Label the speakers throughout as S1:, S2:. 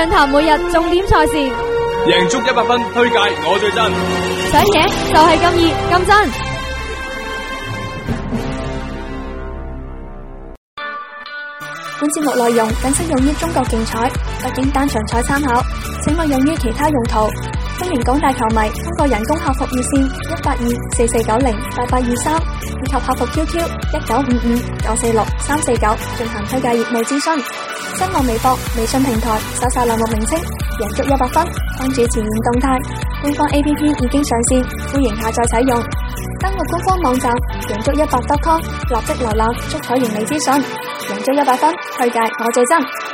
S1: 暢談每日重點賽事，
S2: 贏足一百分推
S1: 介，我最真。想贏就係咁易咁真。本節目內容僅適用於中國競彩北京單場彩參考，請勿用於其他用途。歡迎廣大球迷通過人工客服熱線一八二四四九零八八二三以及客服 QQ 一九五五九四六三四九進行推介業務諮詢。新浪微博、微信平台，搜索欄目名稱“贏足一百分”，關注前沿動態。官方 APP 已經上線，歡迎下載使用。登錄官方網站“贏足一百 .com”，立即瀏覽足彩贏利資訊。贏足一百分，推介我最真。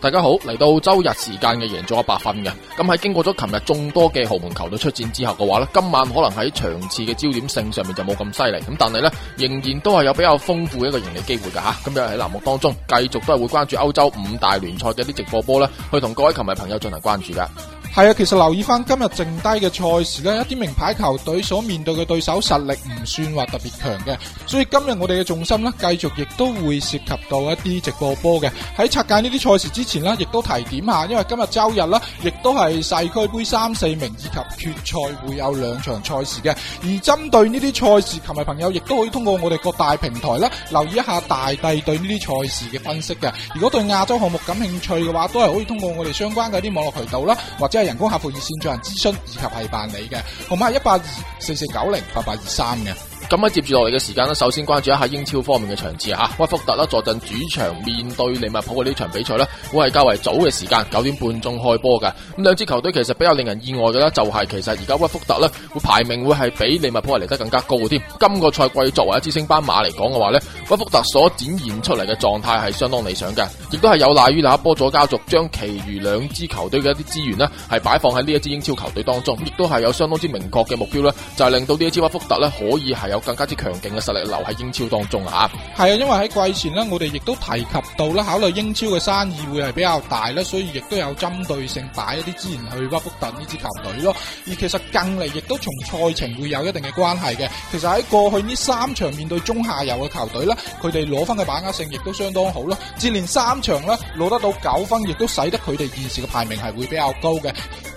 S2: 大家好，嚟到周日時間嘅贏足 100FUN 嘅，咁喺經過咗琴日眾多嘅豪門球隊出戰之後嘅話呢，今晚可能喺場次嘅焦點性上面就冇咁犀利，咁但係呢，仍然都係有比較豐富嘅一個盈利機會嘅吓，咁又喺欄目當中繼續都係會關注歐洲五大聯賽嘅啲直播波呢去同各位球迷朋友進行關注噶。
S1: 係啊，其實留意翻今日剩低嘅賽事咧，一啲名牌球隊所面對嘅對手實力唔算話特別強嘅，所以今日我哋嘅重心咧，繼續亦都會涉及到一啲直播波嘅。喺拆解呢啲賽事之前呢，亦都提點下，因為今日周日啦，亦都係世俱杯三四名以及決賽會有兩場賽事嘅。而針對呢啲賽事，球迷朋友亦都可以通過我哋各大平台啦，留意一下大帝對呢啲賽事嘅分析嘅。如果對亞洲項目感興趣嘅話，都係可以通過我哋相關嘅啲網絡渠道啦，或者。人工客服熱線進行諮詢，以及係辦理嘅號碼係一八二四四九零八八二三嘅。
S2: 咁啊，接住落嚟嘅時間呢，首先關注一下英超方面嘅場次吓。屈福特啦，坐陣主場面對利物浦嘅呢場比賽呢，會係較為早嘅時間九點半鐘開波嘅。咁兩支球隊其實比較令人意外嘅咧，就係、是、其實而家屈福特呢會排名會係比利物浦係嚟得更加高嘅添。今個賽季作為一支升班馬嚟講嘅話呢，屈福特所展現出嚟嘅狀態係相當理想嘅，亦都係有賴於那波佐家族將其餘兩支球隊嘅一啲資源呢，係擺放喺呢一支英超球隊當中，亦都係有相當之明確嘅目標咧，就係、是、令到呢一支屈福特呢可以係有。更加之強勁嘅實力留喺英超當中啊！
S1: 係啊，因為喺季前咧，我哋亦都提及到咧，考慮英超嘅生意會係比較大咧，所以亦都有針對性擺一啲資源去屈福特呢支球隊咯。而其實近嚟亦都同賽程會有一定嘅關係嘅。其實喺過去呢三場面對中下游嘅球隊咧，佢哋攞分嘅把握性亦都相當好咯，接連三場咧攞得到九分，亦都使得佢哋現時嘅排名係會比較高嘅。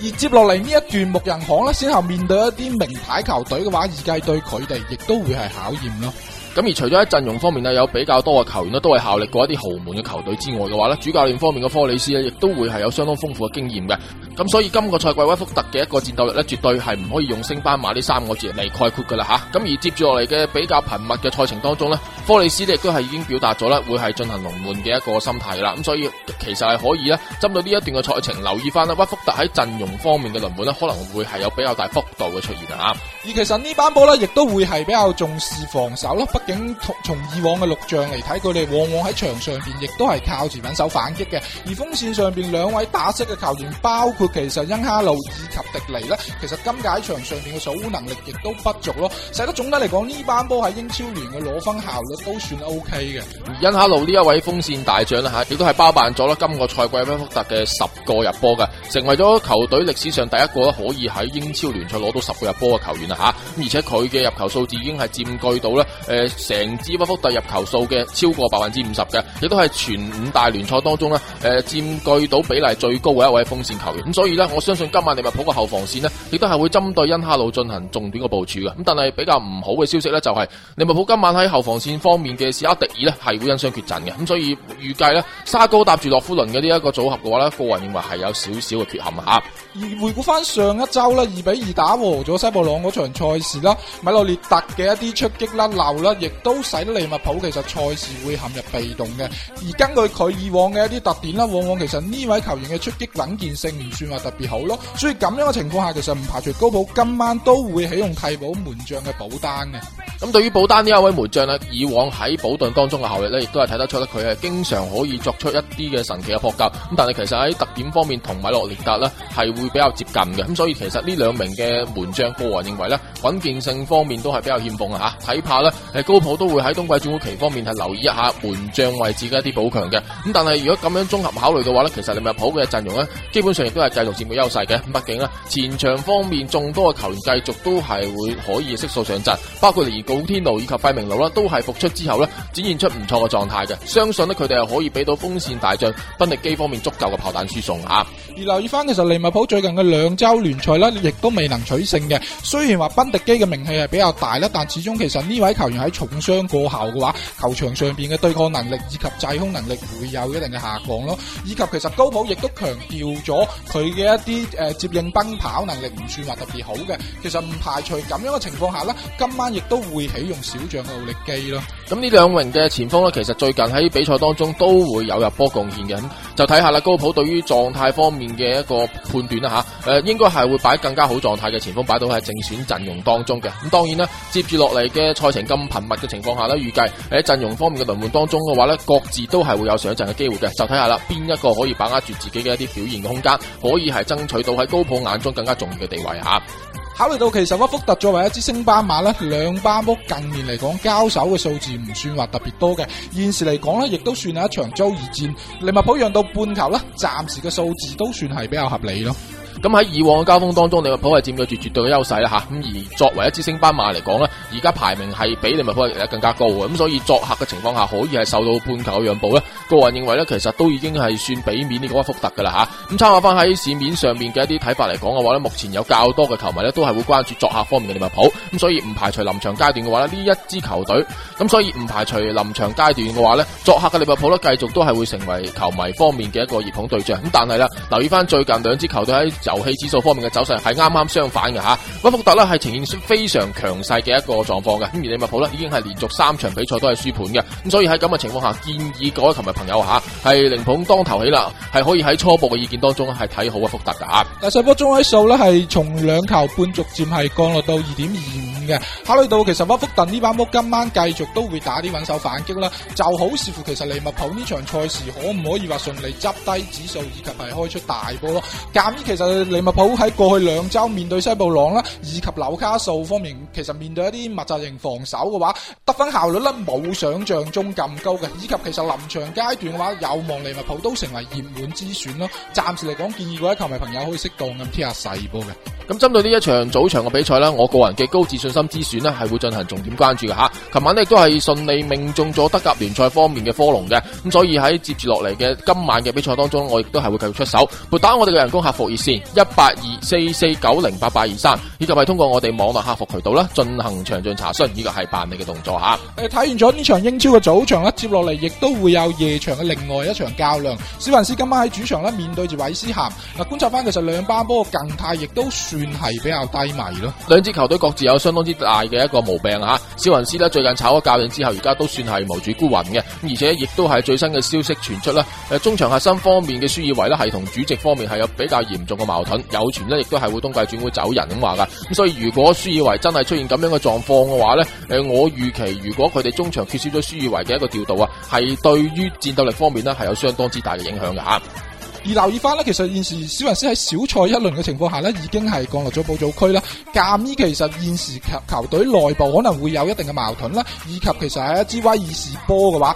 S1: 而接落嚟呢一段牧人行咧，先後面對一啲名牌球隊嘅話，預計對佢哋亦都會係考驗咯。咁而除咗喺陣
S2: 容方面咧，有比較多嘅球員咧都係效力過一啲豪門嘅球隊之外嘅話咧，主教練方面嘅科里斯咧，亦都會係有相當豐富嘅經驗嘅。咁所以今個賽季屈福特嘅一個戰鬥力咧，絕對係唔可以用升班馬呢三個字嚟概括噶啦吓。咁、啊、而接住落嚟嘅比較頻密嘅賽程當中咧，科里斯亦都係已經表達咗啦，會係進行輪換嘅一個心態啦。咁、啊、所以其實係可以咧，針對呢一段嘅賽程，留意翻啦，屈福特喺陣容方面嘅輪換咧，可能會係有比較大幅度嘅出現啊。
S1: 而其實班呢班波咧，亦都會係比較重視防守咯。畢竟從以往嘅錄像嚟睇，佢哋往往喺場上邊亦都係靠住穩守反擊嘅。而鋒線上邊兩位打識嘅球員，包括。其實恩哈路以及迪尼呢，其實今屆場上邊嘅守烏能力亦都不俗咯，使得總體嚟講呢班波喺英超聯嘅攞分效率都算 O K 嘅。恩
S2: 哈路呢一位鋒線大將啦吓，亦、啊、都係包辦咗、啊、今個賽季溫福特嘅十個入波嘅，成為咗球隊歷史上第一個可以喺英超聯賽攞到十個入波嘅球員吓、啊。而且佢嘅入球數字已經係佔據到咧誒成支溫福特入球數嘅超過百分之五十嘅，亦、啊、都係全五大聯賽當中呢誒佔據到比例最高嘅一位鋒線球員。所以呢，我相信今晚利物浦嘅後防線呢亦都係會針對恩哈路進行重點嘅部署嘅。咁但係比較唔好嘅消息呢，就係、是、利物浦今晚喺後防線方面嘅史阿迪爾呢，係會因傷缺陣嘅。咁、嗯、所以預計呢，沙高搭住洛夫倫嘅呢一個組合嘅話呢個人認為係有少少嘅缺陷吓。
S1: 而回顧翻上一周呢，二比二打和咗西布朗嗰場賽事啦，米洛列特嘅一啲出擊啦、鬧啦，亦都使得利物浦其實賽事會陷入被動嘅。而根據佢以往嘅一啲特點啦，往往其實呢位球員嘅出擊穩健性唔。話特別好咯，所以咁樣嘅情況下，其實唔排除高普今晚都會起用替補門將嘅保單嘅。
S2: 咁對於保單呢一位門將呢，以往喺保盾當中嘅效力呢，亦都係睇得出呢，佢係經常可以作出一啲嘅神奇嘅撲擊。咁但係其實喺特點方面同埋洛列達呢，係會比較接近嘅。咁所以其實呢兩名嘅門將，個人認為呢穩健性方面都係比較欠奉啊！嚇，睇怕呢，係高普都會喺冬季轉會期方面係留意一下門將位置嘅一啲補強嘅。咁但係如果咁樣綜合考慮嘅話呢，其實利物浦嘅陣容呢，基本上亦都係繼續佔據優勢嘅。畢竟呢，前場方面眾多嘅球員繼續都係會可以悉數上陣，包括寶天奴以及費明奴啦，都係復出之後咧，展現出唔錯嘅狀態嘅。相信呢佢哋係可以俾到鋒線大將賓迪基方面足夠嘅炮彈輸送吓。
S1: 而留意翻，其實利物浦最近嘅兩周聯賽咧，亦都未能取勝嘅。雖然話賓迪基嘅名氣係比較大咧，但始終其實呢位球員喺重傷過後嘅話，球場上邊嘅對抗能力以及制空能力會有一定嘅下降咯。以及其實高普亦都強調咗佢嘅一啲誒、呃、接應奔跑能力唔算話特別好嘅。其實唔排除咁樣嘅情況下呢，今晚亦都會。啟用小將奧力基，
S2: 咁呢兩名嘅前鋒呢，其實最近喺比賽當中都會有入波貢獻嘅，就睇下啦。高普對於狀態方面嘅一個判斷啦，吓，誒，應該係會擺更加好狀態嘅前鋒擺到喺正選陣容當中嘅。咁當然啦，接住落嚟嘅賽程咁頻密嘅情況下呢，預計喺陣容方面嘅輪換當中嘅話呢，各自都係會有上陣嘅機會嘅。就睇下啦，邊一個可以把握住自己嘅一啲表現嘅空間，可以係爭取到喺高普眼中更加重要嘅地位吓。
S1: 考慮到其實阿福特作為一支升班馬咧，兩班屋近年嚟講，交手嘅數字唔算話特別多嘅，現時嚟講咧亦都算係一場遭遇戰，利物浦讓到半球啦，暫時嘅數字都算係比較合
S2: 理咯。咁喺以往嘅交鋒當中，利物浦係佔有絕絕對嘅優勢啦吓，咁而作為一支升班馬嚟講呢，而家排名係比利物浦更加高嘅，咁所以作客嘅情況下，可以係受到半球嘅讓步，呢個人認為呢，其實都已經係算俾面呢個屈福特噶啦吓。咁參考翻喺市面上面嘅一啲睇法嚟講嘅話呢，目前有較多嘅球迷呢都係會關注作客方面嘅利物浦，咁所以唔排除臨場階段嘅話咧，呢一支球隊，咁所以唔排除臨場階段嘅話呢，作客嘅利物浦呢繼續都係會成為球迷方面嘅一個熱捧對象。咁但係咧，留意翻最近兩支球隊喺。遊戲指數方面嘅走勢係啱啱相反嘅吓，屈福特咧係呈現出非常強勢嘅一個狀況嘅，咁而利物浦呢已經係連續三場比賽都係輸盤嘅，咁所以喺咁嘅情況下，建議各位球迷朋友吓係靈捧當頭起啦，係可以喺初步嘅意見當中係睇好屈福
S1: 特噶吓。但細波中位數咧係從兩球半逐漸係降落到二點二五嘅，考慮到其實屈福特呢班波今晚繼續都會打啲穩守反擊啦，就好視乎其實利物浦呢場賽事可唔可以話順利執低指數以及係開出大波咯？鑒其實。利物浦喺過去兩週面對西布朗啦，以及紐卡素方面，其實面對一啲密集型防守嘅話，得分效率咧冇想象中咁高嘅。以及其實臨場階段嘅話，有望利物浦都成為熱門之選咯。暫時嚟講，建議各位球迷朋友可以適當咁睇下細波嘅。
S2: 咁針對呢一場早場嘅比賽咧，我個人嘅高自信心之選咧係會進行重點關注嘅吓。琴晚咧亦都係順利命中咗德甲聯賽方面嘅科隆嘅，咁所以喺接住落嚟嘅今晚嘅比賽當中，我亦都係會繼續出手撥打我哋嘅人工客服熱線。一八二四四九零八八二三，呢及係通過我哋網絡客服渠道啦，進行詳盡查詢，呢個係辦理嘅動作吓。
S1: 誒，睇完咗呢場英超嘅早場啦，接落嚟亦都會有夜場嘅另外一場較量。史雲斯今晚喺主場呢，面對住韋斯咸。嗱，觀察翻其實兩班波近態，亦都算係比較低迷咯。
S2: 兩支球隊各自有相當之大嘅一個毛病吓。史雲斯呢最近炒咗教練之後，而家都算係無主孤魂嘅，而且亦都係最新嘅消息傳出啦。誒，中場核心方面嘅舒爾維呢係同主席方面係有比較嚴重嘅矛盾有傳咧，亦都係會冬季轉會走人咁話噶。咁所以如果舒爾維真係出現咁樣嘅狀況嘅話咧，誒，我預期如果佢哋中場缺少咗舒爾維嘅一個調度啊，係對於戰鬥力方面呢係有相當之大嘅影響嘅
S1: 吓。而留意翻咧，其實現時小雲斯喺小賽一輪嘅情況下呢，已經係降落咗保組區啦。鑑於其實現時球球隊內部可能會有一定嘅矛盾啦，以及其實係一支威爾士波嘅話。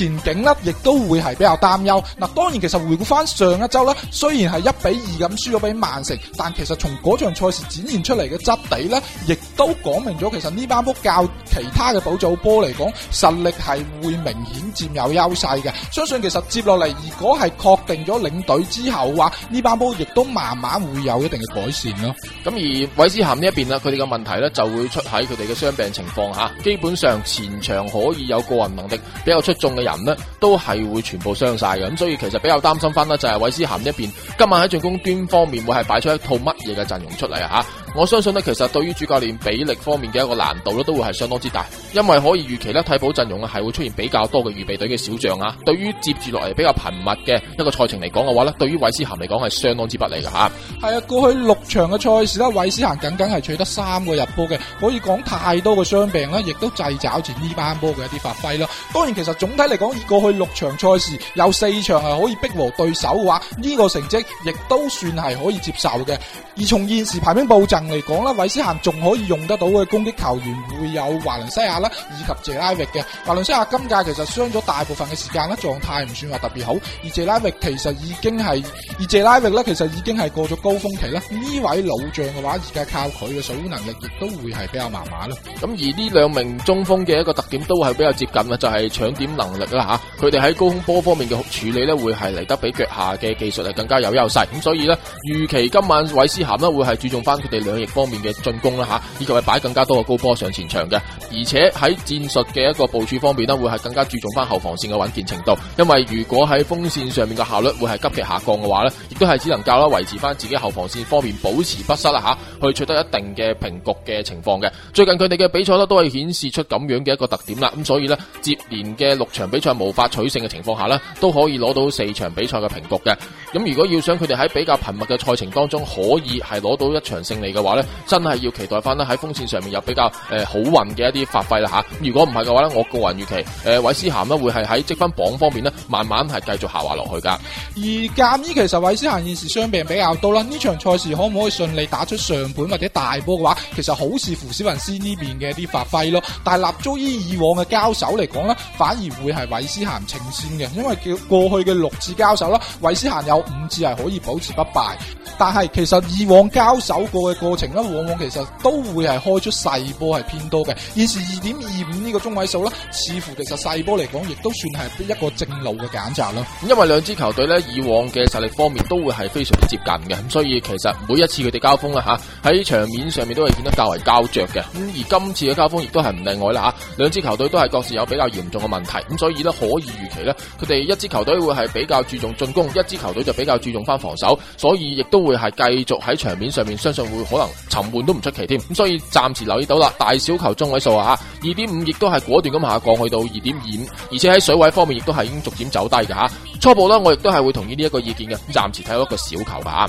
S1: 前景呢亦都會係比較擔憂嗱，當然其實回顧翻上一週啦，雖然係一比二咁輸咗俾曼城，但其實從嗰場賽事展現出嚟嘅質地咧，亦都講明咗其實呢班波較其他嘅補組波嚟講，實力係會明顯佔有優勢嘅。相信其實接落嚟，如果係確定咗領隊之後嘅話，呢班波亦都慢慢會有一定嘅改善咯。
S2: 咁而韋斯咸呢一邊呢，佢哋嘅問題咧就會出喺佢哋嘅傷病情況吓，基本上前場可以有個人能力比較出眾嘅人咧，都係會全部傷晒嘅，咁所以其實比較擔心翻啦。就係韋斯咸一邊，今晚喺進攻端方面會係擺出一套乜嘢嘅陣容出嚟啊？吓。我相信呢，其實對於主教練比例方面嘅一個難度呢，都會係相當之大，因為可以預期呢，替補陣容啊係會出現比較多嘅預備隊嘅小將啊。對於接住落嚟比較頻密嘅一個賽程嚟講嘅話呢，對於韋斯咸嚟講係相當之不利嘅吓。
S1: 係啊，過去六場嘅賽事咧，韋斯咸僅僅係取得三個入波嘅，可以講太多嘅傷病啦，亦都制找住呢班波嘅一啲發揮啦。當然，其實總體嚟講，以過去六場賽事有四場係可以逼和對手嘅話，呢、呢個成績亦都算係可以接受嘅。而從現時排名暴集嚟講啦，韋斯咸仲可以用得到嘅攻擊球員會有華倫西亞啦，以及謝拉域嘅華倫西亞今屆其實傷咗大部分嘅時間啦，狀態唔算話特別好，而謝拉域其實已經係而謝拉域咧，其實已經係過咗高峰期啦。呢位老將嘅話，而家靠佢嘅水能力，亦都會係比較麻麻啦。
S2: 咁而呢兩名中鋒嘅一個特點都係比較接近啦，就係搶點能力啦吓，佢哋喺高空波方面嘅處理咧，會係嚟得比腳下嘅技術係更加有優勢。咁所以呢，預期今晚韋斯咸咧會係注重翻佢哋。兩翼方面嘅進攻啦吓，以及係擺更加多嘅高波上前場嘅，而且喺戰術嘅一個部署方面咧，會係更加注重翻後防線嘅穩健程度。因為如果喺鋒線上面嘅效率會係急劇下降嘅話咧，亦都係只能夠啦維持翻自己後防線方面保持不失啦吓，去取得一定嘅平局嘅情況嘅。最近佢哋嘅比賽咧都係顯示出咁樣嘅一個特點啦，咁所以咧接連嘅六場比賽無法取勝嘅情況下咧，都可以攞到四場比賽嘅平局嘅。咁如果要想佢哋喺比較頻密嘅賽程當中可以係攞到一場勝利嘅，話咧，真係要期待翻咧喺鋒線上面有比較誒好運嘅一啲發揮啦吓。如果唔係嘅話咧，我個人預期誒韋斯咸咧會係喺積分榜
S1: 方面呢慢慢係繼續下滑落去噶。而鑒於，其實韋斯咸現時傷病比較多啦，呢場賽事可唔可以順利打出上盤或者大波嘅話，其實好視乎史雲斯呢邊嘅一啲發揮咯。但係立足於以往嘅交手嚟講呢，反而會係韋斯咸呈先嘅，因為叫過去嘅六次交手咯，韋斯咸有五次係可以保持不敗。但係其實以往交手過嘅過程呢，往往其實都會係開出細波係偏多嘅。現時二點二五呢個中位數呢，似乎其實細波嚟講亦都算係一個正路嘅揀擇啦。
S2: 因為兩支球隊呢，以往嘅實力方面都會係非常之接近嘅，咁所以其實每一次佢哋交鋒啦吓，喺、啊、場面上面都係顯得較為膠着嘅。咁而今次嘅交鋒亦都係唔例外啦吓，兩、啊、支球隊都係各自有比較嚴重嘅問題，咁所以呢，可以預期呢，佢哋一支球隊會係比較注重進攻，一支球隊就比較注重翻防守，所以亦都會。會係繼續喺場面上面，相信會可能沉悶都唔出奇添，咁所以暫時留意到啦，大小球中位數啊，吓，二點五亦都係果斷咁下降去到二點二五，而且喺水位方面亦都係已經逐漸走低嘅吓，初步咧我亦都係會同意呢一個意見嘅，暫時睇一個小球吧。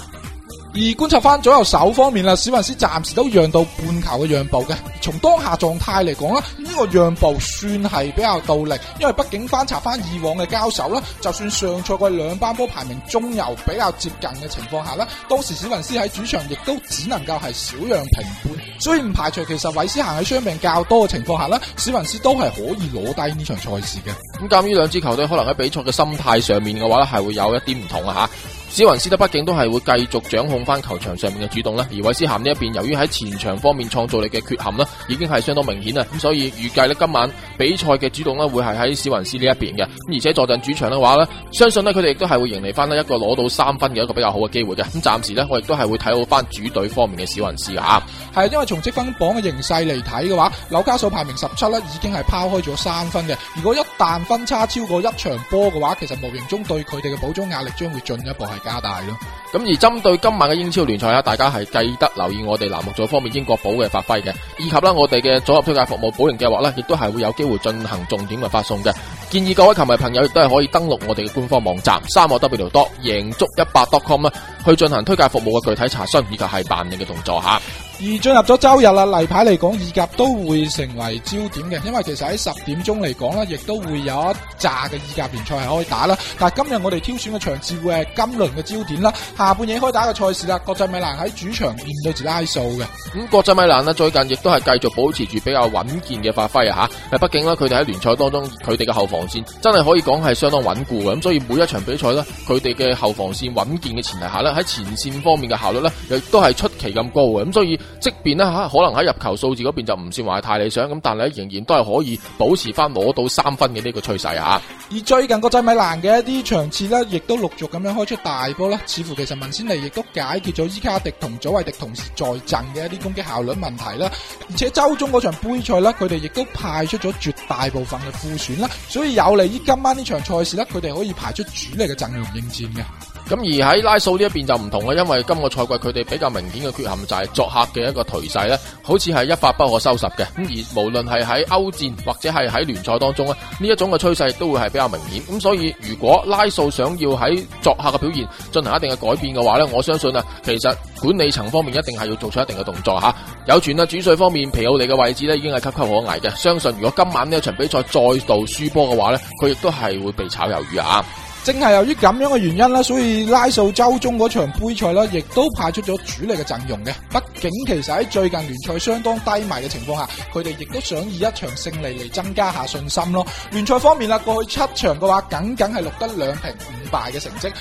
S1: 而觀察翻左右手方面啦，史雲斯暫時都讓到半球嘅讓步嘅。從當下狀態嚟講啦，呢、呢個讓步算係比較道力，因為畢竟翻查翻以往嘅交手啦，就算上賽季兩班波排名中游比較接近嘅情況下啦，當時史雲斯喺主場亦都只能夠係小讓平半。所以唔排除其實韋斯行喺傷病較多嘅情況下啦，史雲斯都係可以攞低呢場賽事嘅。咁
S2: 咁呢兩支球隊可能喺比賽嘅心態上面嘅話呢係會有一啲唔同啊吓。史雲斯咧，畢竟都係會繼續掌控翻球場上面嘅主動啦。而韋斯咸呢一邊，由於喺前場方面創造力嘅缺陷啦，已經係相當明顯啊。咁所以預計咧，今晚比賽嘅主動咧會係喺史雲斯呢一邊嘅。咁而且坐陣主場嘅話咧，相信咧佢哋亦都係會迎嚟翻咧一個攞到三分嘅一個比較好嘅機會嘅。咁暫時咧，我
S1: 亦都係會睇好翻主隊方面嘅史雲斯噶吓。係因為從積分榜嘅形勢嚟睇嘅話，紐卡素排名十七啦，已經係拋開咗三分嘅。如果一旦分差超過一場波嘅話，其實無形中對佢哋嘅補充壓力將會進一步係加大咯，咁而針對今晚
S2: 嘅英超聯賽啊，大家係記得留意我哋欄目組方面英國保嘅發揮嘅，以及啦我哋嘅組合推介服務保贏計劃呢亦都係會有機會進行重點嘅發送嘅，建議各位球迷朋友亦都係可以登錄我哋嘅官方網站三個 w 多贏足一百 .com 去進行推介服務嘅具體查詢以及係辦理嘅動作吓。
S1: 而進入咗周日啦，例牌嚟講，意甲都會成為焦點嘅，因為其實喺十點鐘嚟講呢亦都會有一紮嘅意甲聯賽係可以打啦。但係今日我哋挑選嘅場次會係今輪嘅焦點啦，下半夜開打嘅賽事啦，國際米蘭喺主場面對住拉素嘅。咁
S2: 國際米蘭呢，最近亦都係繼續保持住比較穩健嘅發揮啊嚇。誒，畢竟呢，佢哋喺聯賽當中，佢哋嘅後防線真係可以講係相當穩固嘅。咁所以每一場比賽呢，佢哋嘅後防線穩健嘅前提下呢喺前線方面嘅效率呢，亦都係出期咁高嘅，咁所以即便啦吓，可能喺入球數字嗰邊就唔算話太理想，咁但係仍然都係可以保持翻攞到三分嘅呢個趨勢啊！
S1: 而最近國際米蘭嘅一啲場次咧，亦都陸續咁樣開出大波啦，似乎其實文先利亦都解決咗伊卡迪同祖衛迪同時在陣嘅一啲攻擊效率問題啦。而且周中嗰場杯賽咧，佢哋亦都派出咗絕大部分嘅副選啦，所以有利於今晚呢場賽事咧，佢哋可以排出主力嘅陣容應戰嘅。
S2: 咁而喺拉素呢一邊就唔同啦，因為今個賽季佢哋比較明顯嘅缺陷就係作客嘅一個頹勢咧，好似係一發不可收拾嘅。咁而無論係喺歐戰或者係喺聯賽當中咧，呢一種嘅趨勢都會係比較明顯。咁所以如果拉素想要喺作客嘅表現進行一定嘅改變嘅話咧，我相信啊，其實管理層方面一定係要做出一定嘅動作吓。有傳啊，主帥方面皮奧利嘅位置咧已經係岌岌可危嘅。相信如果今晚呢一場比賽再度輸波嘅話咧，佢亦都係會被炒魷魚啊！
S1: 正係由於咁樣嘅原因啦，所以拉素周中嗰場杯賽啦，亦都派出咗主力嘅陣容嘅。畢竟其實喺最近聯賽相當低迷嘅情況下，佢哋亦都想以一場勝利嚟增加下信心咯。聯賽方面啦，過去七場嘅話，僅僅係錄得兩平五敗嘅成績。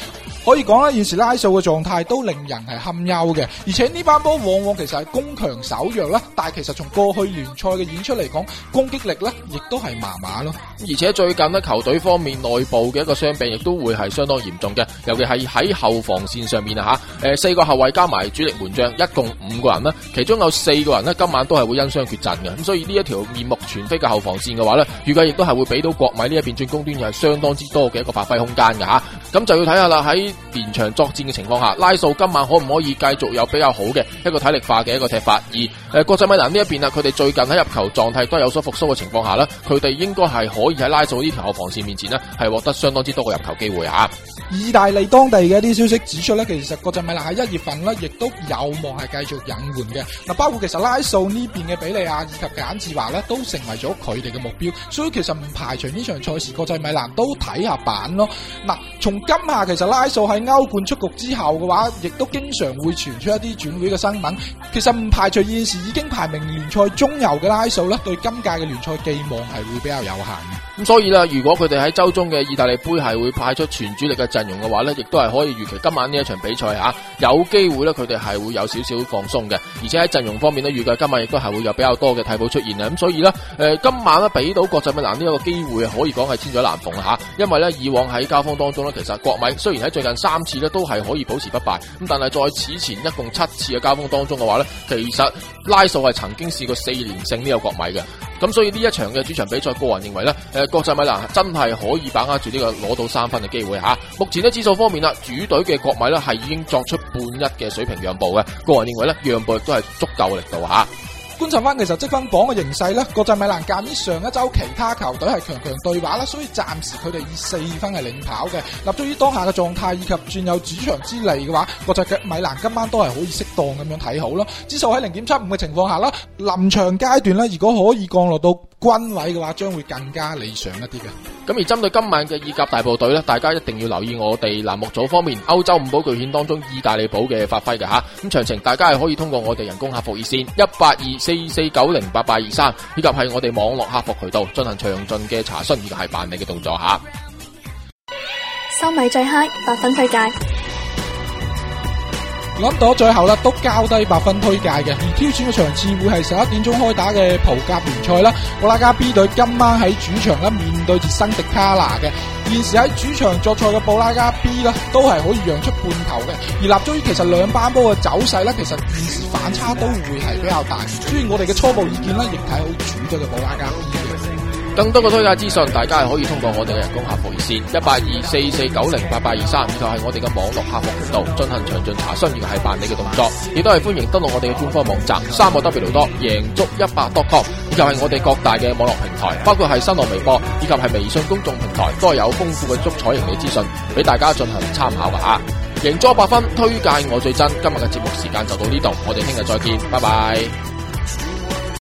S1: 可以講啦，現時拉數嘅狀態都令人係堪憂嘅，而且呢班波往往其實係攻強守弱啦，但係其實從過去聯賽嘅演出嚟講，攻擊力呢亦都係麻麻咯。
S2: 而且最近呢，球隊方面內部嘅一個傷病亦都會係相當嚴重嘅，尤其係喺後防線上面啊吓，誒四個後衛加埋主力門將一共五個人啦，其中有四個人呢今晚都係會因傷缺陣嘅，咁所以呢一條面目全非嘅後防線嘅話呢，預計亦都係會俾到國米呢一邊進攻端又係相當之多嘅一個發揮空間嘅吓。咁就要睇下啦，喺連場作戰嘅情況下，拉素今晚可唔可以繼續有比較好嘅一個體力化嘅一個踢法？而誒，國際米蘭呢一邊啊，佢哋最近喺入球狀態都有所復蘇嘅情況下呢，佢哋應該係可以喺拉素呢條後防線面前呢，係獲得相當之多嘅入球機會啊！
S1: 意大利當地嘅一啲消息指出咧，其實國際米蘭喺一月份咧，亦都有望係繼續引援嘅。嗱，包括其實拉素呢邊嘅比利亞以及簡志華咧，都成為咗佢哋嘅目標。所以其實唔排除呢場賽事國際米蘭都睇下板咯。嗱，從今夏其實拉素喺歐冠出局之後嘅話，亦都經常會傳出一啲轉會嘅新聞。其實唔排除現時已經排名聯賽中游嘅拉素咧，對今屆嘅聯賽寄望係會比較有限嘅。
S2: 咁、嗯、所以啦，如果佢哋喺周中嘅意大利杯係會派出全主力嘅陣容嘅話咧，亦都係可以預期今晚呢一場比賽吓、啊，有機會咧佢哋係會有少少放鬆嘅，而且喺陣容方面咧，預計今晚亦都係會有比較多嘅替補出現嘅。咁、啊、所以咧，誒、呃，今晚咧俾到國際米蘭呢一個機會，可以講係千載難逢吓，因為咧以往喺交鋒當中咧，其實國米雖然喺最近三次咧都係可以保持不敗，咁但係在此前一共七次嘅交鋒當中嘅話咧，其實拉素係曾經試過四連勝呢個國米嘅。咁所以呢一場嘅主場比賽，個人認為呢，誒國際米蘭真係可以把握住呢個攞到三分嘅機會嚇。目前呢，指數方面啦，主隊嘅國米呢係已經作出半一嘅水平讓步嘅，個人認為呢，讓步都係足夠力度嚇。
S1: 觀察翻其實積分榜嘅形勢咧，國際米蘭鑑於上一周其他球隊係強強對話啦，所以暫時佢哋以四分係領跑嘅。立足於當下嘅狀態以及佔有主場之利嘅話，國際嘅米蘭今晚都係可以適當咁樣睇好咯。指數喺零點七五嘅情況下啦，臨場階段咧，如果可以降落到。軍委嘅話，將會更加理想一啲嘅。
S2: 咁而針對今晚嘅意甲大部隊咧，大家一定要留意我哋欄目組方面歐洲五寶巨險當中意大利保嘅發揮嘅吓。咁詳情大家係可以通過我哋人工客服熱線一八二四四九零八八二三，以及係我哋網絡客服渠道進行詳盡嘅查詢以及係辦理嘅動作吓。
S1: 收米最嗨，百分世界。諗到最後咧，都交低百分推介嘅，而挑選嘅場次會係十一點鐘開打嘅葡甲聯賽啦。布拉加 B 隊今晚喺主場咧面對住新迪卡拿嘅，現時喺主場作賽嘅布拉加 B 啦，都係可以讓出半球嘅。而立足於其實兩班波嘅走勢咧，其實現時反差都會係比較大，所以我哋嘅初步意見咧，亦睇好主隊嘅布拉加 B。
S2: 更多嘅推介資訊，大家係可以通過我哋嘅人工客服熱線一八二四四九零八八二三，以及係我哋嘅網絡客服頻道進行詳盡查詢，而係辦理嘅動作。亦都係歡迎登錄我哋嘅官方網站三個 W 多贏足一百 .com，以及係我哋各大嘅網絡平台，包括係新浪微博以及係微信公眾平台，都有豐富嘅足彩贏利資訊俾大家進行參考噶吓。贏足百分推介我最真，今日嘅節目時間就到呢度，我哋聽日再見，拜拜。